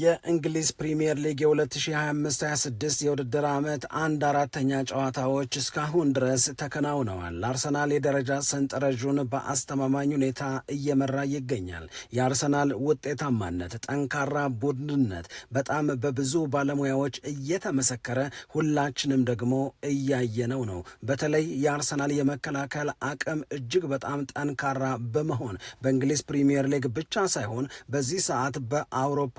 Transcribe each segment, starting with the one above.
የእንግሊዝ ፕሪምየር ሊግ የ2025/26 የውድድር ዓመት አንድ አራተኛ ጨዋታዎች እስካሁን ድረስ ተከናውነዋል። አርሰናል የደረጃ ሰንጠረዡን በአስተማማኝ ሁኔታ እየመራ ይገኛል። የአርሰናል ውጤታማነት፣ ጠንካራ ቡድንነት በጣም በብዙ ባለሙያዎች እየተመሰከረ ሁላችንም ደግሞ እያየነው ነው። በተለይ የአርሰናል የመከላከል አቅም እጅግ በጣም ጠንካራ በመሆን በእንግሊዝ ፕሪምየር ሊግ ብቻ ሳይሆን በዚህ ሰዓት በአውሮፓ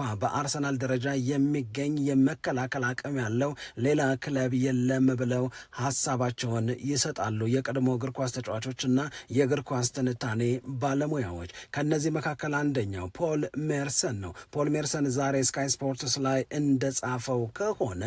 በአርሰናል ደረጃ የሚገኝ የመከላከል አቅም ያለው ሌላ ክለብ የለም ብለው ሀሳባቸውን ይሰጣሉ የቀድሞ እግር ኳስ ተጫዋቾች እና የእግር ኳስ ትንታኔ ባለሙያዎች። ከነዚህ መካከል አንደኛው ፖል ሜርሰን ነው። ፖል ሜርሰን ዛሬ ስካይ ስፖርትስ ላይ እንደጻፈው ከሆነ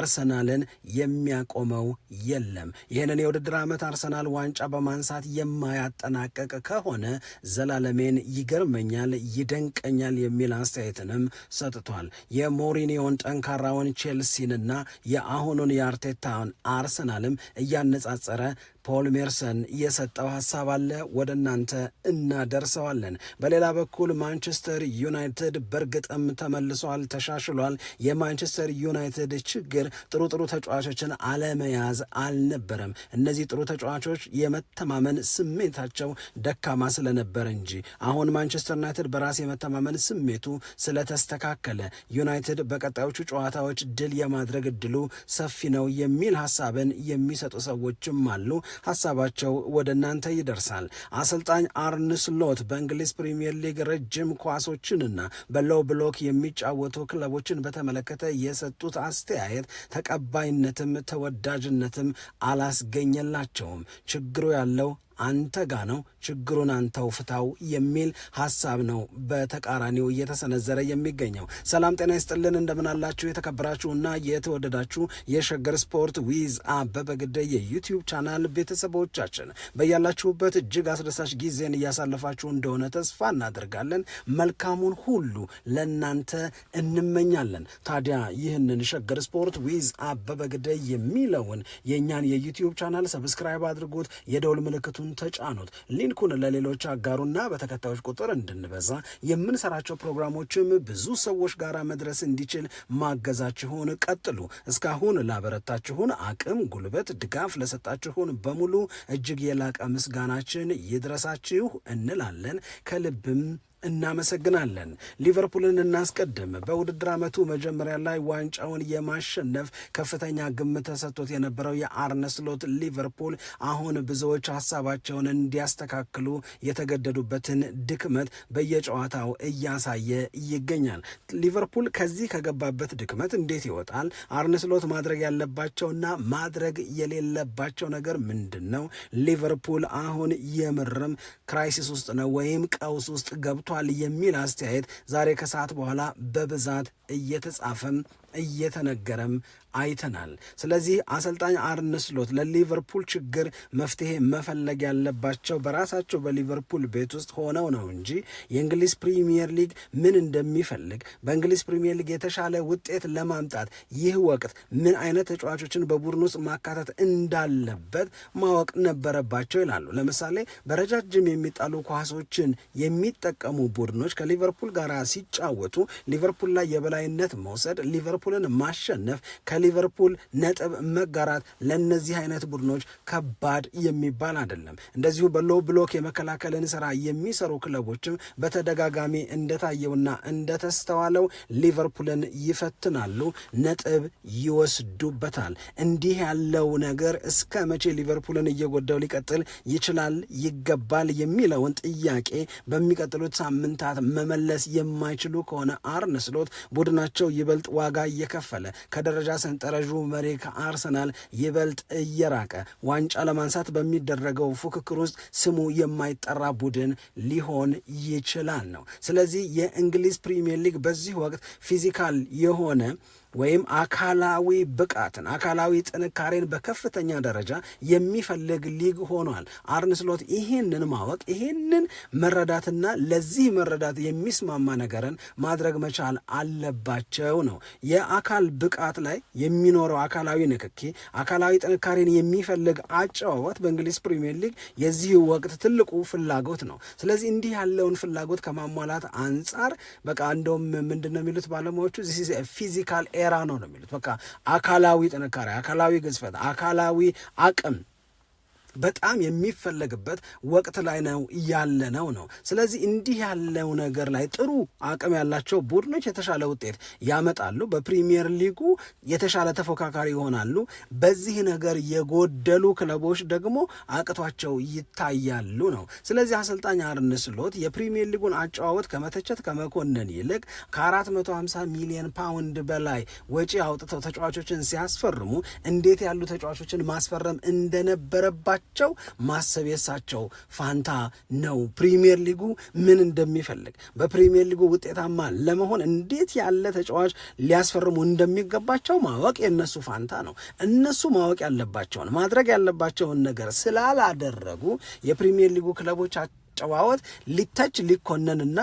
አርሰናልን የሚያቆመው የለም። ይህንን የውድድር ዓመት አርሰናል ዋንጫ በማንሳት የማያጠናቀቅ ከሆነ ዘላለሜን ይገርመኛል፣ ይደንቀኛል የሚል አስተያየትንም ሰጥ አምጥቷል። የሞሪኒዮን ጠንካራውን ቼልሲንና የአሁኑን የአርቴታን አርሰናልም እያነጻጸረ ፖል ሜርሰን የሰጠው ሀሳብ አለ፣ ወደ እናንተ እናደርሰዋለን። በሌላ በኩል ማንቸስተር ዩናይትድ በእርግጥም ተመልሷል፣ ተሻሽሏል። የማንቸስተር ዩናይትድ ችግር ጥሩ ጥሩ ተጫዋቾችን አለመያዝ አልነበረም። እነዚህ ጥሩ ተጫዋቾች የመተማመን ስሜታቸው ደካማ ስለነበረ እንጂ አሁን ማንቸስተር ዩናይትድ በራስ የመተማመን ስሜቱ ስለተስተካከለ ዩናይትድ በቀጣዮቹ ጨዋታዎች ድል የማድረግ እድሉ ሰፊ ነው የሚል ሀሳብን የሚሰጡ ሰዎችም አሉ። ሀሳባቸው ወደ እናንተ ይደርሳል። አሰልጣኝ አርነ ስሎት በእንግሊዝ ፕሪምየር ሊግ ረጅም ኳሶችንና በሎው ብሎክ የሚጫወቱ ክለቦችን በተመለከተ የሰጡት አስተያየት ተቀባይነትም ተወዳጅነትም አላስገኘላቸውም። ችግሩ ያለው አንተ ጋ ነው ችግሩን አንተው ፍታው የሚል ሀሳብ ነው በተቃራኒው እየተሰነዘረ የሚገኘው። ሰላም ጤና ይስጥልን፣ እንደምናላችሁ የተከበራችሁና የተወደዳችሁ የሸገር ስፖርት ዊዝ አበበ ግደይ የዩቲዩብ ቻናል ቤተሰቦቻችን በያላችሁበት እጅግ አስደሳች ጊዜን እያሳለፋችሁ እንደሆነ ተስፋ እናደርጋለን። መልካሙን ሁሉ ለእናንተ እንመኛለን። ታዲያ ይህንን ሸገር ስፖርት ዊዝ አበበ ግደይ የሚለውን የእኛን የዩቲዩብ ቻናል ሰብስክራይብ አድርጉት፣ የደውል ምልክቱን ሊንኩን ተጫኑት። ሊንኩን ለሌሎች አጋሩና በተከታዮች ቁጥር እንድንበዛ የምንሰራቸው ፕሮግራሞችም ብዙ ሰዎች ጋር መድረስ እንዲችል ማገዛችሁን ቀጥሉ። እስካሁን ላበረታችሁን አቅም፣ ጉልበት፣ ድጋፍ ለሰጣችሁን በሙሉ እጅግ የላቀ ምስጋናችን ይድረሳችሁ እንላለን ከልብም እናመሰግናለን። ሊቨርፑልን እናስቀድም። በውድድር ዓመቱ መጀመሪያ ላይ ዋንጫውን የማሸነፍ ከፍተኛ ግምት ተሰጥቶት የነበረው የአርነ ስሎት ሊቨርፑል አሁን ብዙዎች ሀሳባቸውን እንዲያስተካክሉ የተገደዱበትን ድክመት በየጨዋታው እያሳየ ይገኛል። ሊቨርፑል ከዚህ ከገባበት ድክመት እንዴት ይወጣል? አርነ ስሎት ማድረግ ያለባቸውና ማድረግ የሌለባቸው ነገር ምንድን ነው? ሊቨርፑል አሁን የምርም ክራይሲስ ውስጥ ነው ወይም ቀውስ ውስጥ ገብቶ ተሰጥቷል የሚል አስተያየት ዛሬ ከሰዓት በኋላ በብዛት እየተጻፈም እየተነገረም አይተናል። ስለዚህ አሰልጣኝ አርነ ስሎት ለሊቨርፑል ችግር መፍትሄ መፈለግ ያለባቸው በራሳቸው በሊቨርፑል ቤት ውስጥ ሆነው ነው እንጂ የእንግሊዝ ፕሪሚየር ሊግ ምን እንደሚፈልግ በእንግሊዝ ፕሪሚየር ሊግ የተሻለ ውጤት ለማምጣት ይህ ወቅት ምን አይነት ተጫዋቾችን በቡድን ውስጥ ማካተት እንዳለበት ማወቅ ነበረባቸው ይላሉ። ለምሳሌ በረጃጅም የሚጣሉ ኳሶችን የሚጠቀሙ ቡድኖች ከሊቨርፑል ጋር ሲጫወቱ ሊቨርፑል ላይ የበላይነት መውሰድ፣ ሊቨርፑልን ማሸነፍ ከሊ ለሊቨርፑል ነጥብ መጋራት ለእነዚህ አይነት ቡድኖች ከባድ የሚባል አይደለም። እንደዚሁ በሎ ብሎክ የመከላከልን ስራ የሚሰሩ ክለቦችም በተደጋጋሚ እንደታየውና እንደተስተዋለው ሊቨርፑልን ይፈትናሉ፣ ነጥብ ይወስዱበታል። እንዲህ ያለው ነገር እስከ መቼ ሊቨርፑልን እየጎዳው ሊቀጥል ይችላል ይገባል የሚለውን ጥያቄ በሚቀጥሉት ሳምንታት መመለስ የማይችሉ ከሆነ አርነ ስሎት ቡድናቸው ይበልጥ ዋጋ እየከፈለ ከደረጃ ሰን በሰንጠረዡ መሪ ከአርሰናል ይበልጥ እየራቀ ዋንጫ ለማንሳት በሚደረገው ፉክክር ውስጥ ስሙ የማይጠራ ቡድን ሊሆን ይችላል ነው። ስለዚህ የእንግሊዝ ፕሪሚየር ሊግ በዚህ ወቅት ፊዚካል የሆነ ወይም አካላዊ ብቃትን አካላዊ ጥንካሬን በከፍተኛ ደረጃ የሚፈልግ ሊግ ሆኗል። አርንስሎት ይህንን ማወቅ ይህንን መረዳትና ለዚህ መረዳት የሚስማማ ነገርን ማድረግ መቻል አለባቸው ነው። የአካል ብቃት ላይ የሚኖረው አካላዊ ንክኪ፣ አካላዊ ጥንካሬን የሚፈልግ አጨዋወት በእንግሊዝ ፕሪሚየር ሊግ የዚህ ወቅት ትልቁ ፍላጎት ነው። ስለዚህ እንዲህ ያለውን ፍላጎት ከማሟላት አንጻር በቃ እንደውም ምንድን ነው የሚሉት ባለሙያዎቹ ፊዚካል ጤራ ነው ነው የሚሉት። በቃ አካላዊ ጥንካሬ፣ አካላዊ ግዝፈት፣ አካላዊ አቅም በጣም የሚፈለግበት ወቅት ላይ ነው ያለ ነው ነው። ስለዚህ እንዲህ ያለው ነገር ላይ ጥሩ አቅም ያላቸው ቡድኖች የተሻለ ውጤት ያመጣሉ፣ በፕሪሚየር ሊጉ የተሻለ ተፎካካሪ ይሆናሉ። በዚህ ነገር የጎደሉ ክለቦች ደግሞ አቅቷቸው ይታያሉ ነው። ስለዚህ አሰልጣኝ አርነ ስሎት የፕሪሚየር ሊጉን አጨዋወት ከመተቸት ከመኮንን ይልቅ ከ450 ሚሊዮን ፓውንድ በላይ ወጪ አውጥተው ተጫዋቾችን ሲያስፈርሙ እንዴት ያሉ ተጫዋቾችን ማስፈረም እንደነበረባቸው እሳቸው ማሰብ የሳቸው ፋንታ ነው። ፕሪሚየር ሊጉ ምን እንደሚፈልግ በፕሪሚየር ሊጉ ውጤታማ ለመሆን እንዴት ያለ ተጫዋች ሊያስፈርሙ እንደሚገባቸው ማወቅ የእነሱ ፋንታ ነው። እነሱ ማወቅ ያለባቸውን ማድረግ ያለባቸውን ነገር ስላላደረጉ የፕሪሚየር ሊጉ ክለቦች አጨዋወት ሊተች ሊኮነንና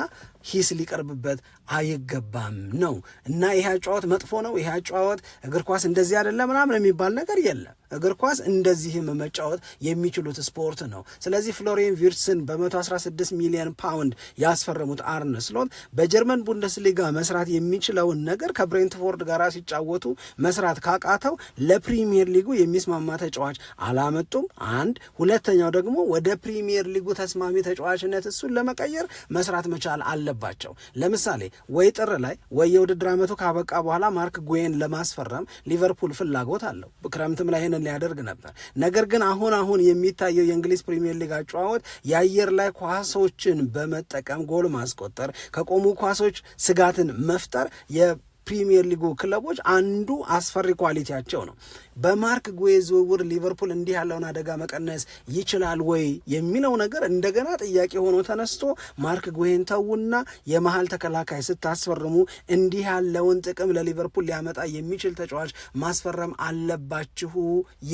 ሂስ ሊቀርብበት አይገባም ነው እና ይህ አጨዋወት መጥፎ ነው፣ ይህ አጨዋወት እግር ኳስ እንደዚህ አይደለም ምናምን የሚባል ነገር የለም። እግር ኳስ እንደዚህም መጫወት የሚችሉት ስፖርት ነው። ስለዚህ ፍሎሪየን ቪርትስን በ116 ሚሊዮን ፓውንድ ያስፈረሙት አርነ ስሎት በጀርመን ቡንደስሊጋ መስራት የሚችለውን ነገር ከብሬንትፎርድ ጋር ሲጫወቱ መስራት ካቃተው ለፕሪሚየር ሊጉ የሚስማማ ተጫዋች አላመጡም። አንድ ሁለተኛው ደግሞ ወደ ፕሪሚየር ሊጉ ተስማሚ ተጫዋችነት እሱን ለመቀየር መስራት መቻል አለ አለባቸው። ለምሳሌ ወይ ጥር ላይ ወይ የውድድር ዓመቱ ካበቃ በኋላ ማርክ ጉዌን ለማስፈረም ሊቨርፑል ፍላጎት አለው። ክረምትም ላይ ይህንን ሊያደርግ ነበር። ነገር ግን አሁን አሁን የሚታየው የእንግሊዝ ፕሪሚየር ሊግ አጨዋወት የአየር ላይ ኳሶችን በመጠቀም ጎል ማስቆጠር፣ ከቆሙ ኳሶች ስጋትን መፍጠር የፕሪሚየር ሊጉ ክለቦች አንዱ አስፈሪ ኳሊቲያቸው ነው። በማርክ ጉዌ ዝውውር ሊቨርፑል እንዲህ ያለውን አደጋ መቀነስ ይችላል ወይ የሚለው ነገር እንደገና ጥያቄ ሆኖ ተነስቶ ማርክ ጉዌን ተዉና የመሀል ተከላካይ ስታስፈርሙ እንዲህ ያለውን ጥቅም ለሊቨርፑል ሊያመጣ የሚችል ተጫዋች ማስፈረም አለባችሁ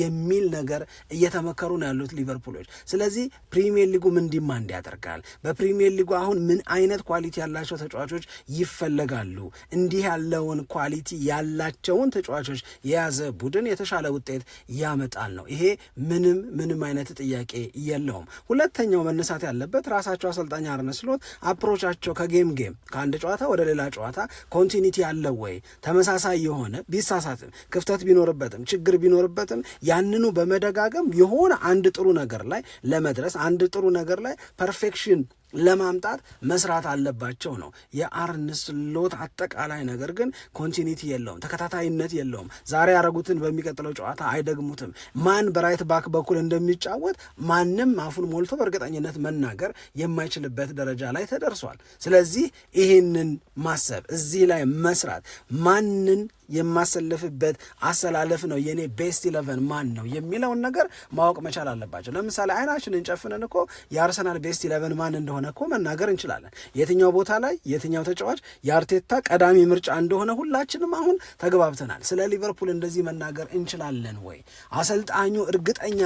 የሚል ነገር እየተመከሩ ነው ያሉት ሊቨርፑሎች። ስለዚህ ፕሪሚየር ሊጉ ምን ዲማንድ ያደርጋል? በፕሪሚየር ሊጉ አሁን ምን አይነት ኳሊቲ ያላቸው ተጫዋቾች ይፈለጋሉ? እንዲህ ያለውን ኳሊቲ ያላቸውን ተጫዋቾች የያዘ ቡድን የተሻለ ውጤት ያመጣል ነው። ይሄ ምንም ምንም አይነት ጥያቄ የለውም። ሁለተኛው መነሳት ያለበት ራሳቸው አሰልጣኝ አርነ ስሎት አፕሮቻቸው ከጌም ጌም ከአንድ ጨዋታ ወደ ሌላ ጨዋታ ኮንቲኒቲ ያለው ወይ ተመሳሳይ የሆነ ቢሳሳትም ክፍተት ቢኖርበትም ችግር ቢኖርበትም ያንኑ በመደጋገም የሆነ አንድ ጥሩ ነገር ላይ ለመድረስ አንድ ጥሩ ነገር ላይ ፐርፌክሽን ለማምጣት መስራት አለባቸው ነው የአርንስ ሎት አጠቃላይ ነገር። ግን ኮንቲኒቲ የለውም፣ ተከታታይነት የለውም። ዛሬ ያደረጉትን በሚቀጥለው ጨዋታ አይደግሙትም። ማን በራይት ባክ በኩል እንደሚጫወት ማንም አፉን ሞልቶ በእርግጠኝነት መናገር የማይችልበት ደረጃ ላይ ተደርሷል። ስለዚህ ይህንን ማሰብ እዚህ ላይ መስራት ማንን የማሰልፍበት አሰላለፍ ነው። የኔ ቤስት ኢለቨን ማን ነው የሚለውን ነገር ማወቅ መቻል አለባቸው። ለምሳሌ አይናችን እንጨፍንን እኮ የአርሰናል ቤስት ኢለቨን ማን እንደሆነ እኮ መናገር እንችላለን። የትኛው ቦታ ላይ የትኛው ተጫዋች የአርቴታ ቀዳሚ ምርጫ እንደሆነ ሁላችንም አሁን ተግባብተናል። ስለ ሊቨርፑል እንደዚህ መናገር እንችላለን ወይ? አሰልጣኙ እርግጠኛ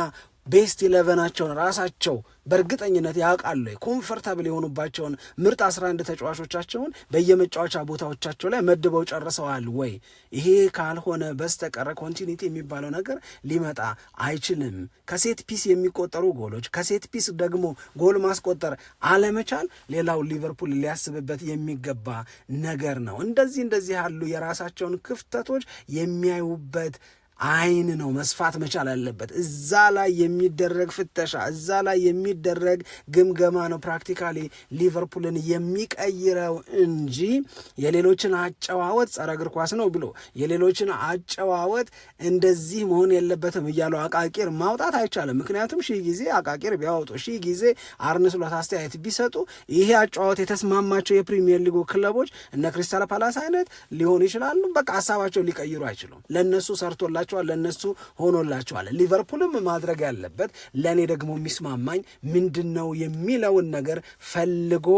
ቤስት ኢለቨናቸውን ራሳቸው በእርግጠኝነት ያውቃሉ። ኮንፈርታብል የሆኑባቸውን ምርጥ 11 ተጫዋቾቻቸውን በየመጫወቻ ቦታዎቻቸው ላይ መድበው ጨርሰዋል ወይ? ይሄ ካልሆነ በስተቀረ ኮንቲኒቲ የሚባለው ነገር ሊመጣ አይችልም። ከሴት ፒስ የሚቆጠሩ ጎሎች፣ ከሴት ፒስ ደግሞ ጎል ማስቆጠር አለመቻል ሌላው ሊቨርፑል ሊያስብበት የሚገባ ነገር ነው። እንደዚህ እንደዚህ ያሉ የራሳቸውን ክፍተቶች የሚያዩበት አይን ነው መስፋት መቻል አለበት። እዛ ላይ የሚደረግ ፍተሻ፣ እዛ ላይ የሚደረግ ግምገማ ነው ፕራክቲካሊ ሊቨርፑልን የሚቀይረው እንጂ የሌሎችን አጨዋወት ጸረ እግር ኳስ ነው ብሎ የሌሎችን አጨዋወት እንደዚህ መሆን የለበትም እያለው አቃቂር ማውጣት አይቻልም። ምክንያቱም ሺህ ጊዜ አቃቂር ቢያወጡ ሺህ ጊዜ አርነ ስሎት አስተያየት ቢሰጡ ይሄ አጨዋወት የተስማማቸው የፕሪሚየር ሊጉ ክለቦች እነ ክሪስታል ፓላስ አይነት ሊሆን ይችላሉ። በቃ ሀሳባቸው ሊቀይሩ አይችሉም። ለእነሱ ሰርቶላ ሆኖላቸዋል፣ ለእነሱ ሆኖላቸዋል። ሊቨርፑልም ማድረግ ያለበት ለእኔ ደግሞ የሚስማማኝ ምንድን ነው የሚለውን ነገር ፈልጎ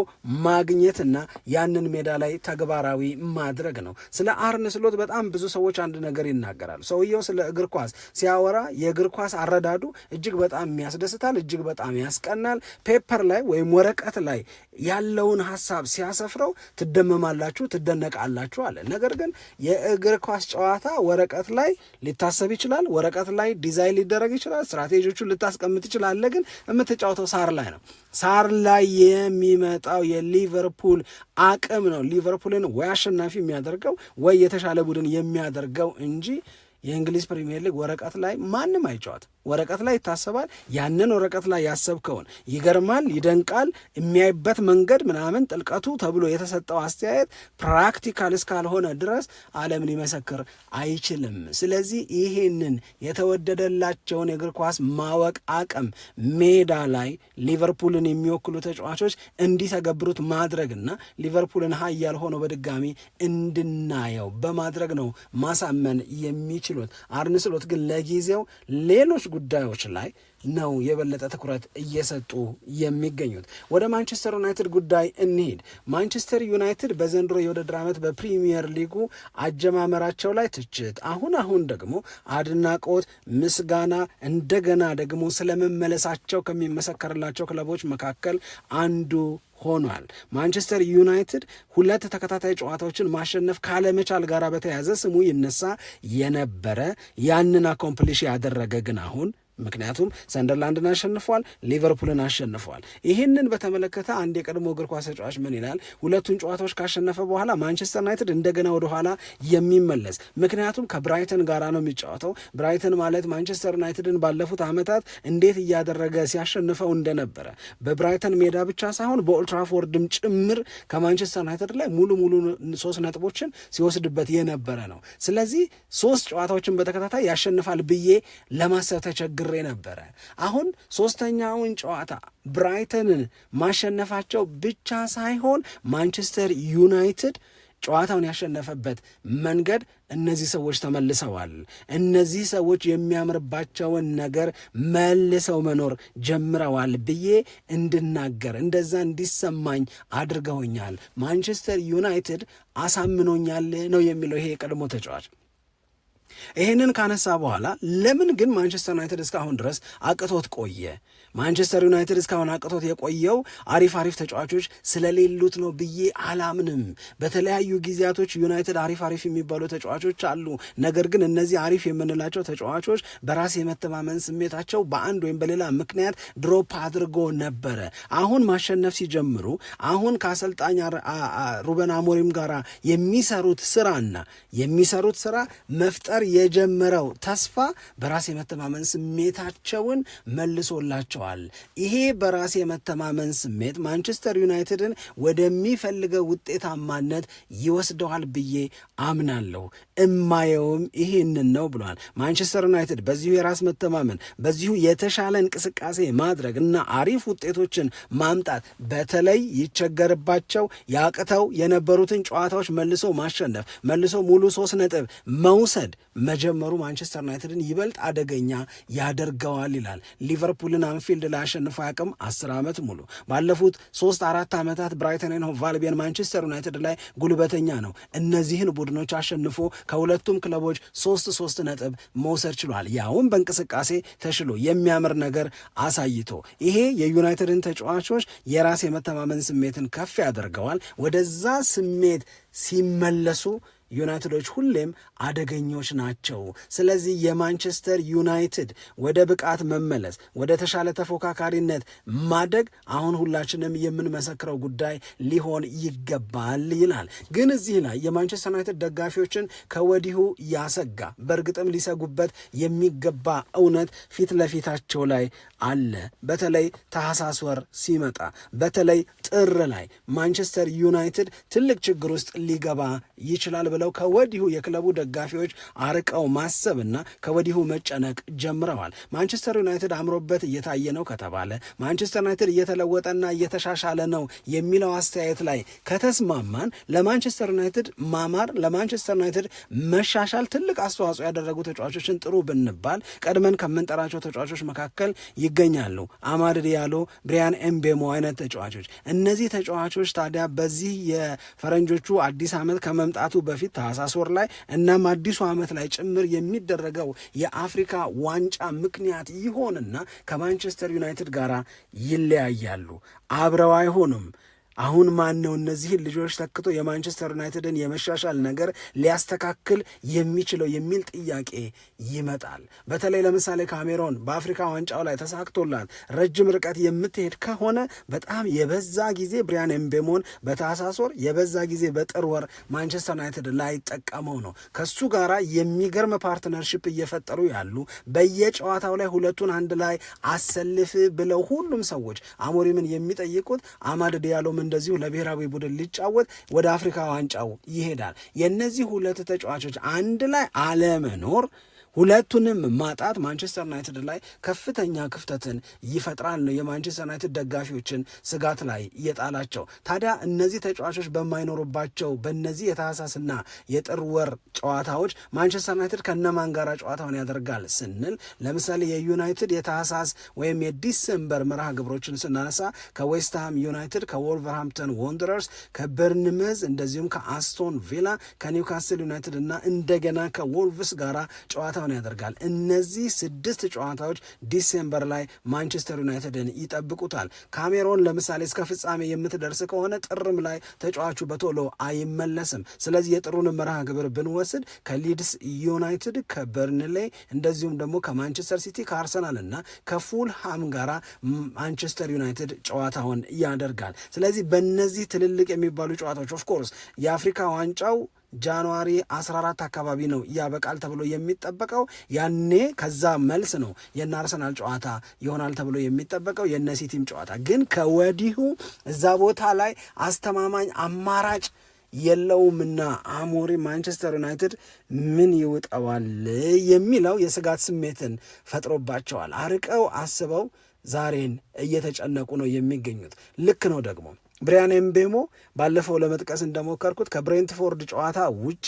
ማግኘትና ያንን ሜዳ ላይ ተግባራዊ ማድረግ ነው። ስለ አርነ ስሎት በጣም ብዙ ሰዎች አንድ ነገር ይናገራሉ። ሰውየው ስለ እግር ኳስ ሲያወራ የእግር ኳስ አረዳዱ እጅግ በጣም ያስደስታል፣ እጅግ በጣም ያስቀናል። ፔፐር ላይ ወይም ወረቀት ላይ ያለውን ሀሳብ ሲያሰፍረው ትደመማላችሁ፣ ትደነቃላችሁ አለ። ነገር ግን የእግር ኳስ ጨዋታ ወረቀት ላይ ሊታሰብ ይችላል። ወረቀት ላይ ዲዛይን ሊደረግ ይችላል። ስትራቴጂዎቹን ልታስቀምጥ ይችላለ። ግን የምትጫወተው ሳር ላይ ነው። ሳር ላይ የሚመጣው የሊቨርፑል አቅም ነው ሊቨርፑልን ወይ አሸናፊ የሚያደርገው ወይ የተሻለ ቡድን የሚያደርገው እንጂ የእንግሊዝ ፕሪሚየር ሊግ ወረቀት ላይ ማንም አይጫወት። ወረቀት ላይ ይታሰባል። ያንን ወረቀት ላይ ያሰብከውን ይገርማል፣ ይደንቃል፣ የሚያይበት መንገድ ምናምን ጥልቀቱ ተብሎ የተሰጠው አስተያየት ፕራክቲካል እስካልሆነ ድረስ ዓለም ሊመሰክር አይችልም። ስለዚህ ይሄንን የተወደደላቸውን የእግር ኳስ ማወቅ አቅም ሜዳ ላይ ሊቨርፑልን የሚወክሉ ተጫዋቾች እንዲተገብሩት ማድረግና ሊቨርፑልን ሀያል ሆኖ በድጋሚ እንድናየው በማድረግ ነው ማሳመን የሚችል ችሎት አርነ ስሎት ግን ለጊዜው ሌሎች ጉዳዮች ላይ ነው የበለጠ ትኩረት እየሰጡ የሚገኙት። ወደ ማንቸስተር ዩናይትድ ጉዳይ እንሂድ። ማንቸስተር ዩናይትድ በዘንድሮ የውድድር ዓመት በፕሪሚየር ሊጉ አጀማመራቸው ላይ ትችት፣ አሁን አሁን ደግሞ አድናቆት፣ ምስጋና እንደገና ደግሞ ስለመመለሳቸው ከሚመሰከርላቸው ክለቦች መካከል አንዱ ሆኗል። ማንቸስተር ዩናይትድ ሁለት ተከታታይ ጨዋታዎችን ማሸነፍ ካለመቻል ጋር በተያያዘ ስሙ ይነሳ የነበረ ያንን አኮምፕሊሽ ያደረገ ግን አሁን ምክንያቱም ሰንደርላንድን አሸንፏል፣ ሊቨርፑልን አሸንፏል። ይህንን በተመለከተ አንድ የቀድሞ እግር ኳስ ተጫዋች ምን ይላል? ሁለቱን ጨዋታዎች ካሸነፈ በኋላ ማንቸስተር ዩናይትድ እንደገና ወደኋላ የሚመለስ ምክንያቱም ከብራይተን ጋራ ነው የሚጫወተው። ብራይተን ማለት ማንቸስተር ዩናይትድን ባለፉት ዓመታት እንዴት እያደረገ ሲያሸንፈው እንደነበረ በብራይተን ሜዳ ብቻ ሳይሆን በኦልትራፎርድም ጭምር ከማንቸስተር ዩናይትድ ላይ ሙሉ ሙሉ ሶስት ነጥቦችን ሲወስድበት የነበረ ነው። ስለዚህ ሶስት ጨዋታዎችን በተከታታይ ያሸንፋል ብዬ ለማሰብ ተቸግር ተናግሬ ነበረ። አሁን ሶስተኛውን ጨዋታ ብራይተንን ማሸነፋቸው ብቻ ሳይሆን ማንቸስተር ዩናይትድ ጨዋታውን ያሸነፈበት መንገድ እነዚህ ሰዎች ተመልሰዋል። እነዚህ ሰዎች የሚያምርባቸውን ነገር መልሰው መኖር ጀምረዋል ብዬ እንድናገር እንደዛ እንዲሰማኝ አድርገውኛል። ማንቸስተር ዩናይትድ አሳምኖኛል ነው የሚለው ይሄ የቀድሞ ተጫዋች ይህንን ካነሳ በኋላ ለምን ግን ማንቸስተር ዩናይትድ እስካሁን ድረስ አቅቶት ቆየ? ማንቸስተር ዩናይትድ እስካሁን አቅቶት የቆየው አሪፍ አሪፍ ተጫዋቾች ስለሌሉት ነው ብዬ አላምንም። በተለያዩ ጊዜያቶች ዩናይትድ አሪፍ አሪፍ የሚባሉ ተጫዋቾች አሉ። ነገር ግን እነዚህ አሪፍ የምንላቸው ተጫዋቾች በራስ የመተማመን ስሜታቸው በአንድ ወይም በሌላ ምክንያት ድሮፕ አድርጎ ነበረ። አሁን ማሸነፍ ሲጀምሩ አሁን ከአሰልጣኝ ሩበን አሞሪም ጋር የሚሰሩት ስራና የሚሰሩት ስራ መፍጠር የጀመረው ተስፋ በራስ የመተማመን ስሜታቸውን መልሶላቸዋል። ተናግረዋል። ይሄ በራስ የመተማመን ስሜት ማንቸስተር ዩናይትድን ወደሚፈልገው ውጤታማነት ይወስደዋል ብዬ አምናለሁ፣ እማየውም ይህንን ነው ብሏል። ማንቸስተር ዩናይትድ በዚሁ የራስ መተማመን በዚሁ የተሻለ እንቅስቃሴ ማድረግ እና አሪፍ ውጤቶችን ማምጣት በተለይ ይቸገርባቸው ያቅተው የነበሩትን ጨዋታዎች መልሶ ማሸነፍ መልሶ ሙሉ ሶስት ነጥብ መውሰድ መጀመሩ ማንቸስተር ዩናይትድን ይበልጥ አደገኛ ያደርገዋል ይላል። ሊቨርፑልን አንፊ ሚድፊልድ ላሸንፈ አቅም አስር ዓመት ሙሉ ባለፉት ሶስት አራት ዓመታት ብራይተንን ቫልቤን ማንቸስተር ዩናይትድ ላይ ጉልበተኛ ነው። እነዚህን ቡድኖች አሸንፎ ከሁለቱም ክለቦች ሶስት ሶስት ነጥብ መውሰድ ችሏል። ያውም በእንቅስቃሴ ተሽሎ የሚያምር ነገር አሳይቶ ይሄ የዩናይትድን ተጫዋቾች የራስ የመተማመን ስሜትን ከፍ ያደርገዋል። ወደዛ ስሜት ሲመለሱ ዩናይትዶች ሁሌም አደገኞች ናቸው። ስለዚህ የማንቸስተር ዩናይትድ ወደ ብቃት መመለስ፣ ወደ ተሻለ ተፎካካሪነት ማደግ አሁን ሁላችንም የምንመሰክረው ጉዳይ ሊሆን ይገባል ይላል። ግን እዚህ ላይ የማንቸስተር ዩናይትድ ደጋፊዎችን ከወዲሁ ያሰጋ በእርግጥም ሊሰጉበት የሚገባ እውነት ፊት ለፊታቸው ላይ አለ። በተለይ ታህሳስ ወር ሲመጣ፣ በተለይ ጥር ላይ ማንቸስተር ዩናይትድ ትልቅ ችግር ውስጥ ሊገባ ይችላል ብለው ከወዲሁ የክለቡ ደጋፊዎች አርቀው ማሰብና ከወዲሁ መጨነቅ ጀምረዋል። ማንቸስተር ዩናይትድ አምሮበት እየታየ ነው ከተባለ ማንቸስተር ዩናይትድ እየተለወጠና እየተሻሻለ ነው የሚለው አስተያየት ላይ ከተስማማን ለማንቸስተር ዩናይትድ ማማር፣ ለማንቸስተር ዩናይትድ መሻሻል ትልቅ አስተዋጽኦ ያደረጉ ተጫዋቾችን ጥሩ ብንባል ቀድመን ከምንጠራቸው ተጫዋቾች መካከል ይገኛሉ። አማድ ዲያሎ፣ ብሪያን ኤምቤሞ አይነት ተጫዋቾች። እነዚህ ተጫዋቾች ታዲያ በዚህ የፈረንጆቹ አዲስ ዓመት ከመምጣቱ በፊት ታህሳስ ወር ላይ እና እናም አዲሱ ዓመት ላይ ጭምር የሚደረገው የአፍሪካ ዋንጫ ምክንያት ይሆንና ከማንቸስተር ዩናይትድ ጋር ይለያያሉ። አብረው አይሆኑም። አሁን ማን ነው እነዚህን ልጆች ተክቶ የማንቸስተር ዩናይትድን የመሻሻል ነገር ሊያስተካክል የሚችለው የሚል ጥያቄ ይመጣል። በተለይ ለምሳሌ ካሜሮን በአፍሪካ ዋንጫው ላይ ተሳክቶላል ረጅም ርቀት የምትሄድ ከሆነ በጣም የበዛ ጊዜ ብሪያን ኤምቤሞን በታህሳስ ወር የበዛ ጊዜ በጥር ወር ማንቸስተር ዩናይትድ ላይጠቀመው ነው። ከሱ ጋራ የሚገርም ፓርትነርሽፕ እየፈጠሩ ያሉ በየጨዋታው ላይ ሁለቱን አንድ ላይ አሰልፍ ብለው ሁሉም ሰዎች አሞሪምን የሚጠይቁት አማድ ዲያሎ ምን እንደዚሁ ለብሔራዊ ቡድን ሊጫወት ወደ አፍሪካ ዋንጫው ይሄዳል። የእነዚህ ሁለት ተጫዋቾች አንድ ላይ አለመኖር ሁለቱንም ማጣት ማንቸስተር ዩናይትድ ላይ ከፍተኛ ክፍተትን ይፈጥራል። የማንቸስተር ዩናይትድ ደጋፊዎችን ስጋት ላይ የጣላቸው ታዲያ እነዚህ ተጫዋቾች በማይኖሩባቸው በእነዚህ የታህሳስና የጥር ወር ጨዋታዎች ማንቸስተር ዩናይትድ ከነማን ጋር ጨዋታውን ያደርጋል ስንል ለምሳሌ የዩናይትድ የታህሳስ ወይም የዲሰምበር መርሃ ግብሮችን ስናነሳ ከዌስትሃም ዩናይትድ፣ ከወልቨርሃምፕተን ወንደረርስ፣ ከበርንመዝ እንደዚሁም ከአስቶን ቪላ፣ ከኒውካስል ዩናይትድ እና እንደገና ከወልቭስ ጋር ጨዋታ ጨዋታውን ያደርጋል። እነዚህ ስድስት ጨዋታዎች ዲሴምበር ላይ ማንቸስተር ዩናይትድን ይጠብቁታል። ካሜሮን ለምሳሌ እስከ ፍጻሜ የምትደርስ ከሆነ ጥርም ላይ ተጫዋቹ በቶሎ አይመለስም። ስለዚህ የጥሩን መርሃ ግብር ብንወስድ ከሊድስ ዩናይትድ፣ ከበርንሌ እንደዚሁም ደግሞ ከማንቸስተር ሲቲ፣ ከአርሰናል እና ከፉልሃም ጋር ማንቸስተር ዩናይትድ ጨዋታውን ያደርጋል። ስለዚህ በእነዚህ ትልልቅ የሚባሉ ጨዋታዎች ኦፍኮርስ የአፍሪካ ዋንጫው ጃንዋሪ 14 አካባቢ ነው ያበቃል ተብሎ የሚጠበቀው። ያኔ ከዛ መልስ ነው የነ አርሰናል ጨዋታ ይሆናል ተብሎ የሚጠበቀው የነ ሲቲም ጨዋታ። ግን ከወዲሁ እዛ ቦታ ላይ አስተማማኝ አማራጭ የለውምና አሞሪ ማንቸስተር ዩናይትድ ምን ይውጠዋል የሚለው የስጋት ስሜትን ፈጥሮባቸዋል። አርቀው አስበው ዛሬን እየተጨነቁ ነው የሚገኙት። ልክ ነው ደግሞ ብሪያን ኤምቤሞ ባለፈው ለመጥቀስ እንደሞከርኩት ከብሬንትፎርድ ጨዋታ ውጪ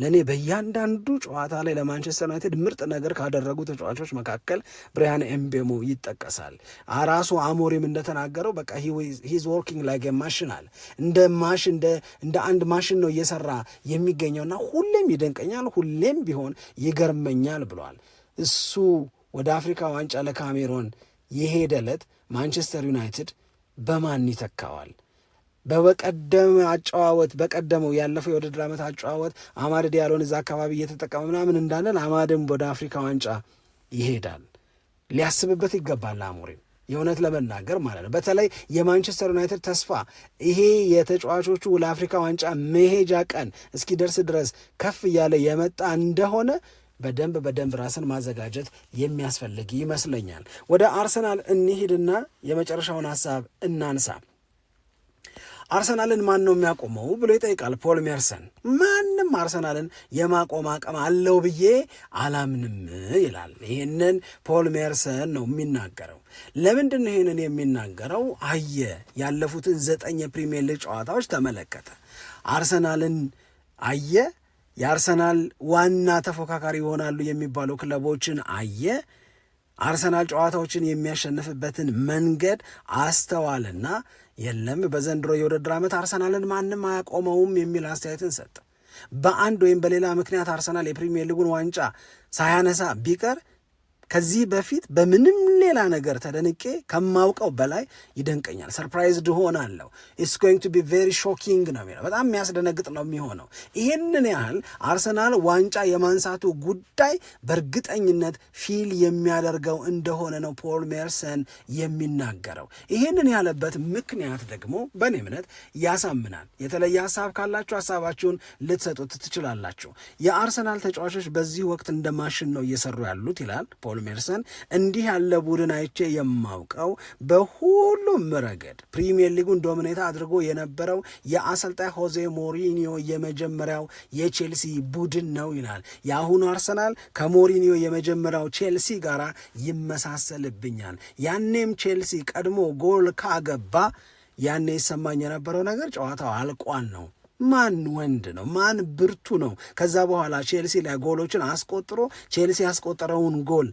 ለእኔ በእያንዳንዱ ጨዋታ ላይ ለማንቸስተር ዩናይትድ ምርጥ ነገር ካደረጉ ተጫዋቾች መካከል ብሪያን ኤምቤሞ ይጠቀሳል። ራሱ አሞሪም እንደተናገረው በቃ ሂዝ ወርኪንግ ላይ ማሽን አለ እንደ ማሽ እንደ አንድ ማሽን ነው እየሰራ የሚገኘውና ሁሌም ይደንቀኛል፣ ሁሌም ቢሆን ይገርመኛል ብሏል። እሱ ወደ አፍሪካ ዋንጫ ለካሜሮን የሄደለት ማንቸስተር ዩናይትድ በማን ይተካዋል? በበቀደም አጨዋወት በቀደመው ያለፈው የውድድር ዓመት አጨዋወት አማድ ዲያሎን እዛ አካባቢ እየተጠቀመ ምናምን እንዳለን አማድም ወደ አፍሪካ ዋንጫ ይሄዳል። ሊያስብበት ይገባል አሞሪም የእውነት ለመናገር ማለት ነው። በተለይ የማንቸስተር ዩናይትድ ተስፋ ይሄ የተጫዋቾቹ ለአፍሪካ ዋንጫ መሄጃ ቀን እስኪደርስ ድረስ ከፍ እያለ የመጣ እንደሆነ በደንብ በደንብ ራስን ማዘጋጀት የሚያስፈልግ ይመስለኛል። ወደ አርሰናል እንሂድና የመጨረሻውን ሀሳብ እናንሳ። አርሰናልን ማን ነው የሚያቆመው ብሎ ይጠይቃል ፖል ሜርሰን። ማንም አርሰናልን የማቆም አቅም አለው ብዬ አላምንም ይላል። ይህንን ፖል ሜርሰን ነው የሚናገረው። ለምንድን ነው ይህንን የሚናገረው? አየ ያለፉትን ዘጠኝ የፕሪሚየር ሊግ ጨዋታዎች ተመለከተ። አርሰናልን አየ። የአርሰናል ዋና ተፎካካሪ ይሆናሉ የሚባሉ ክለቦችን አየ። አርሰናል ጨዋታዎችን የሚያሸንፍበትን መንገድ አስተዋልና የለም በዘንድሮ የውድድር ዓመት አርሰናልን ማንም አያቆመውም የሚል አስተያየትን ሰጠ። በአንድ ወይም በሌላ ምክንያት አርሰናል የፕሪሚየር ሊጉን ዋንጫ ሳያነሳ ቢቀር ከዚህ በፊት በምንም ሌላ ነገር ተደንቄ ከማውቀው በላይ ይደንቀኛል። ሰርፕራይዝድ ሆናለሁ። ኢትስ ጎይንግ ቱ ቢ ቬሪ ሾኪንግ ነው የሚለው በጣም የሚያስደነግጥ ነው የሚሆነው። ይህንን ያህል አርሰናል ዋንጫ የማንሳቱ ጉዳይ በእርግጠኝነት ፊል የሚያደርገው እንደሆነ ነው ፖል ሜርሰን የሚናገረው። ይህንን ያለበት ምክንያት ደግሞ በእኔ እምነት ያሳምናል። የተለየ ሀሳብ ካላችሁ ሀሳባችሁን ልትሰጡት ትችላላችሁ። የአርሰናል ተጫዋቾች በዚህ ወቅት እንደ ማሽን ነው እየሰሩ ያሉት ይላል ፖል ኦልሜርሰን እንዲህ ያለ ቡድን አይቼ የማውቀው በሁሉም ረገድ ፕሪሚየር ሊጉን ዶሚኔት አድርጎ የነበረው የአሰልጣኝ ሆዜ ሞሪኒዮ የመጀመሪያው የቼልሲ ቡድን ነው ይላል። የአሁኑ አርሰናል ከሞሪኒዮ የመጀመሪያው ቼልሲ ጋር ይመሳሰልብኛል። ያኔም ቼልሲ ቀድሞ ጎል ካገባ ያኔ ይሰማኝ የነበረው ነገር ጨዋታው አልቋል ነው ማን ወንድ ነው? ማን ብርቱ ነው? ከዛ በኋላ ቼልሲ ላይ ጎሎችን አስቆጥሮ ቼልሲ ያስቆጠረውን ጎል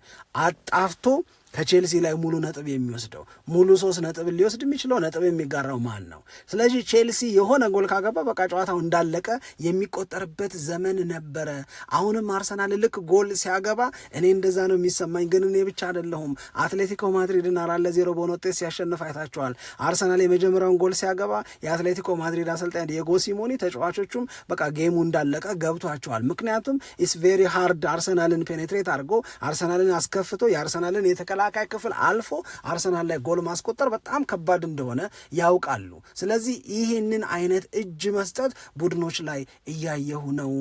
አጣፍቶ ከቼልሲ ላይ ሙሉ ነጥብ የሚወስደው ሙሉ ሶስት ነጥብ ሊወስድ የሚችለው ነጥብ የሚጋራው ማን ነው? ስለዚህ ቼልሲ የሆነ ጎል ካገባ በቃ ጨዋታው እንዳለቀ የሚቆጠርበት ዘመን ነበረ። አሁንም አርሰናል ልክ ጎል ሲያገባ እኔ እንደዛ ነው የሚሰማኝ፣ ግን እኔ ብቻ አይደለሁም። አትሌቲኮ ማድሪድን አራት ለዜሮ በሆነ ውጤት ሲያሸንፍ አይታችኋል። አርሰናል የመጀመሪያውን ጎል ሲያገባ የአትሌቲኮ ማድሪድ አሰልጣኝ ዲየጎ ሲሞኒ ተጫዋቾቹም በቃ ጌሙ እንዳለቀ ገብቷቸዋል። ምክንያቱም ኢስ ቬሪ ሃርድ አርሰናልን ፔኔትሬት አድርጎ አርሰናልን አስከፍቶ የአርሰናልን የተቀላ ተከላካይ ክፍል አልፎ አርሰናል ላይ ጎል ማስቆጠር በጣም ከባድ እንደሆነ ያውቃሉ። ስለዚህ ይህንን አይነት እጅ መስጠት ቡድኖች ላይ እያየሁ ነው።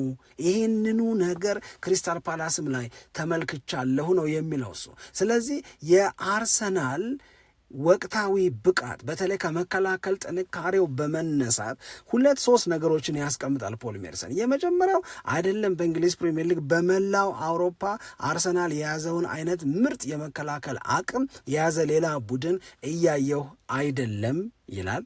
ይህንኑ ነገር ክሪስታል ፓላስም ላይ ተመልክቻለሁ ነው የሚለው እሱ። ስለዚህ የአርሰናል ወቅታዊ ብቃት በተለይ ከመከላከል ጥንካሬው በመነሳት ሁለት ሶስት ነገሮችን ያስቀምጣል ፖል ሜርሰን። የመጀመሪያው አይደለም በእንግሊዝ ፕሪሚየር ሊግ በመላው አውሮፓ አርሰናል የያዘውን አይነት ምርጥ የመከላከል አቅም የያዘ ሌላ ቡድን እያየሁ አይደለም ይላል።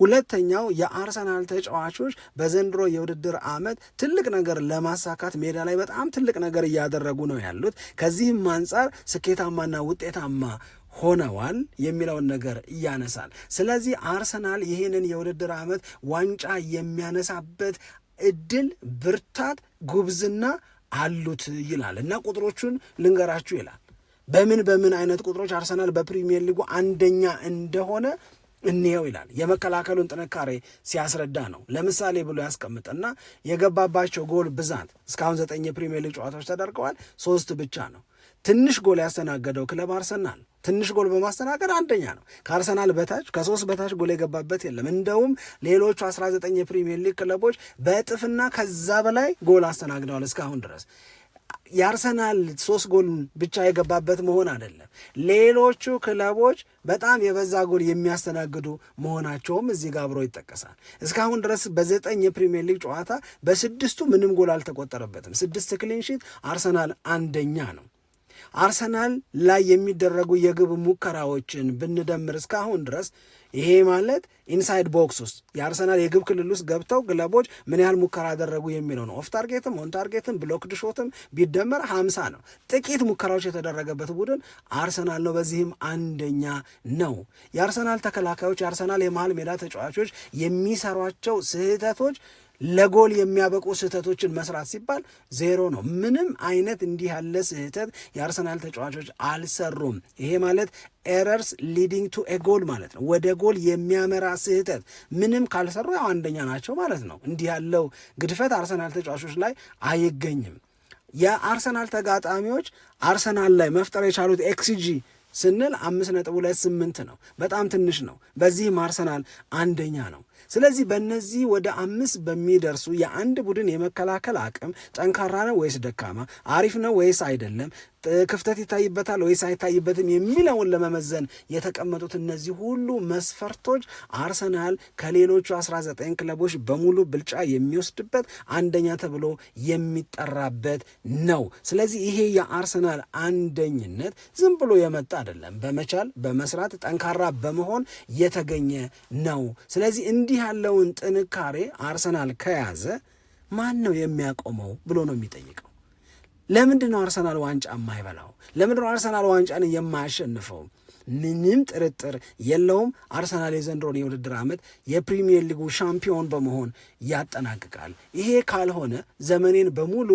ሁለተኛው የአርሰናል ተጫዋቾች በዘንድሮ የውድድር ዓመት ትልቅ ነገር ለማሳካት ሜዳ ላይ በጣም ትልቅ ነገር እያደረጉ ነው ያሉት። ከዚህም አንጻር ስኬታማና ውጤታማ ሆነዋል የሚለውን ነገር ያነሳል። ስለዚህ አርሰናል ይህንን የውድድር ዓመት ዋንጫ የሚያነሳበት እድል፣ ብርታት፣ ጉብዝና አሉት ይላል እና ቁጥሮቹን ልንገራችሁ ይላል። በምን በምን አይነት ቁጥሮች አርሰናል በፕሪሚየር ሊጉ አንደኛ እንደሆነ እንየው ይላል። የመከላከሉን ጥንካሬ ሲያስረዳ ነው። ለምሳሌ ብሎ ያስቀምጥና የገባባቸው ጎል ብዛት እስካሁን ዘጠኝ የፕሪሚየር ሊግ ጨዋታዎች ተደርገዋል፣ ሶስት ብቻ ነው ትንሽ ጎል ያስተናገደው ክለብ አርሰናል ትንሽ ጎል በማስተናገድ አንደኛ ነው። ከአርሰናል በታች ከሶስት በታች ጎል የገባበት የለም። እንደውም ሌሎቹ 19 የፕሪሚየር ሊግ ክለቦች በእጥፍና ከዛ በላይ ጎል አስተናግደዋል እስካሁን ድረስ። የአርሰናል ሶስት ጎል ብቻ የገባበት መሆን አይደለም። ሌሎቹ ክለቦች በጣም የበዛ ጎል የሚያስተናግዱ መሆናቸውም እዚህ ጋር አብሮ ይጠቀሳል። እስካሁን ድረስ በዘጠኝ የፕሪሚየር ሊግ ጨዋታ በስድስቱ ምንም ጎል አልተቆጠረበትም። ስድስት ክሊንሺት አርሰናል አንደኛ ነው። አርሰናል ላይ የሚደረጉ የግብ ሙከራዎችን ብንደምር እስካሁን ድረስ ይሄ ማለት ኢንሳይድ ቦክስ ውስጥ የአርሰናል የግብ ክልል ውስጥ ገብተው ግለቦች ምን ያህል ሙከራ አደረጉ የሚለው ነው። ኦፍ ታርጌትም ኦን ታርጌትም ብሎክድ ሾትም ቢደመር ሀምሳ ነው። ጥቂት ሙከራዎች የተደረገበት ቡድን አርሰናል ነው። በዚህም አንደኛ ነው። የአርሰናል ተከላካዮች፣ የአርሰናል የመሃል ሜዳ ተጫዋቾች የሚሰሯቸው ስህተቶች ለጎል የሚያበቁ ስህተቶችን መስራት ሲባል ዜሮ ነው። ምንም አይነት እንዲህ ያለ ስህተት የአርሰናል ተጫዋቾች አልሰሩም። ይሄ ማለት ኤረርስ ሊዲንግ ቱ ኤ ጎል ማለት ነው። ወደ ጎል የሚያመራ ስህተት ምንም ካልሰሩ ያው አንደኛ ናቸው ማለት ነው። እንዲህ ያለው ግድፈት አርሰናል ተጫዋቾች ላይ አይገኝም። የአርሰናል ተጋጣሚዎች አርሰናል ላይ መፍጠር የቻሉት ኤክስጂ ስንል አምስት ነጥብ ሁለት ስምንት ነው። በጣም ትንሽ ነው። በዚህም አርሰናል አንደኛ ነው። ስለዚህ በእነዚህ ወደ አምስት በሚደርሱ የአንድ ቡድን የመከላከል አቅም ጠንካራ ነው ወይስ ደካማ፣ አሪፍ ነው ወይስ አይደለም፣ ክፍተት ይታይበታል ወይስ አይታይበትም የሚለውን ለመመዘን የተቀመጡት እነዚህ ሁሉ መስፈርቶች አርሰናል ከሌሎቹ 19 ክለቦች በሙሉ ብልጫ የሚወስድበት አንደኛ ተብሎ የሚጠራበት ነው። ስለዚህ ይሄ የአርሰናል አንደኝነት ዝም ብሎ የመጣ አይደለም። በመቻል በመስራት ጠንካራ በመሆን የተገኘ ነው። ስለዚህ እንዲህ ያለውን ጥንካሬ አርሰናል ከያዘ ማን ነው የሚያቆመው ብሎ ነው የሚጠይቀው። ለምንድን ነው አርሰናል ዋንጫ የማይበላው? ለምንድ ነው አርሰናል ዋንጫን የማያሸንፈው? ምንም ጥርጥር የለውም። አርሰናል የዘንድሮን የውድድር ዓመት የፕሪሚየር ሊጉ ሻምፒዮን በመሆን ያጠናቅቃል። ይሄ ካልሆነ ዘመኔን በሙሉ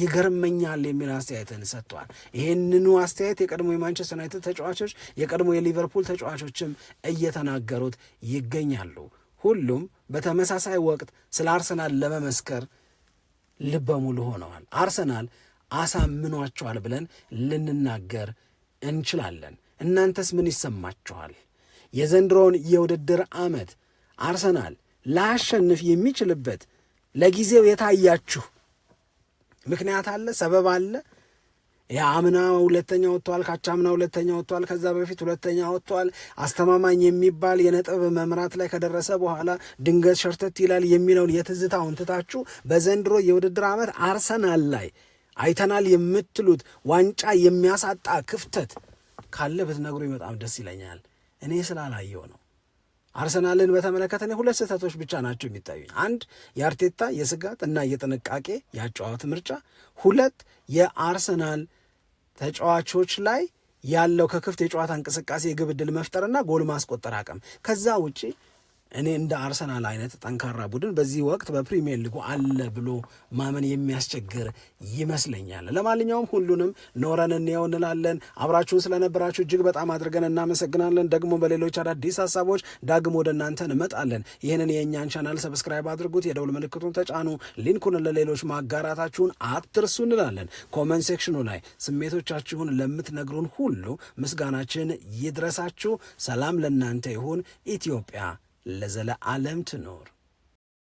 ይገርመኛል የሚል አስተያየትን ሰጥቷል። ይህንኑ አስተያየት የቀድሞ የማንቸስተር ዩናይትድ ተጫዋቾች፣ የቀድሞ የሊቨርፑል ተጫዋቾችም እየተናገሩት ይገኛሉ። ሁሉም በተመሳሳይ ወቅት ስለ አርሰናል ለመመስከር ልበሙሉ ሆነዋል። አርሰናል አሳምኗችኋል ብለን ልንናገር እንችላለን። እናንተስ ምን ይሰማችኋል? የዘንድሮውን የውድድር ዓመት አርሰናል ላያሸንፍ የሚችልበት ለጊዜው የታያችሁ ምክንያት አለ? ሰበብ አለ? የአምና ሁለተኛ ወጥቷል፣ ካቻምና ሁለተኛ ወጥቷል፣ ከዛ በፊት ሁለተኛ ወጥቷል። አስተማማኝ የሚባል የነጥብ መምራት ላይ ከደረሰ በኋላ ድንገት ሸርተት ይላል የሚለውን የትዝታውን ትታችሁ በዘንድሮ የውድድር ዓመት አርሰናል ላይ አይተናል የምትሉት ዋንጫ የሚያሳጣ ክፍተት ካለ ብትነግሩኝ በጣም ደስ ይለኛል። እኔ ስላላየው ነው። አርሰናልን በተመለከተ እኔ ሁለት ስህተቶች ብቻ ናቸው የሚታዩኝ። አንድ የአርቴታ የስጋት እና የጥንቃቄ የአጨዋወት ምርጫ፣ ሁለት የአርሰናል ተጫዋቾች ላይ ያለው ከክፍት የጨዋታ እንቅስቃሴ የግብ ዕድል መፍጠርና ጎል ማስቆጠር አቅም። ከዛ ውጪ እኔ እንደ አርሰናል አይነት ጠንካራ ቡድን በዚህ ወቅት በፕሪሚየር ሊጉ አለ ብሎ ማመን የሚያስቸግር ይመስለኛል። ለማንኛውም ሁሉንም ኖረን እንየው እንላለን። አብራችሁን ስለነበራችሁ እጅግ በጣም አድርገን እናመሰግናለን። ደግሞ በሌሎች አዳዲስ ሀሳቦች ዳግም ወደ እናንተ እንመጣለን። ይህንን የእኛን ቻናል ሰብስክራይብ አድርጉት፣ የደውል ምልክቱን ተጫኑ፣ ሊንኩን ለሌሎች ማጋራታችሁን አትርሱ እንላለን። ኮመንት ሴክሽኑ ላይ ስሜቶቻችሁን ለምትነግሩን ሁሉ ምስጋናችን ይድረሳችሁ። ሰላም ለእናንተ ይሁን። ኢትዮጵያ ለዘለዓለም ትኖር።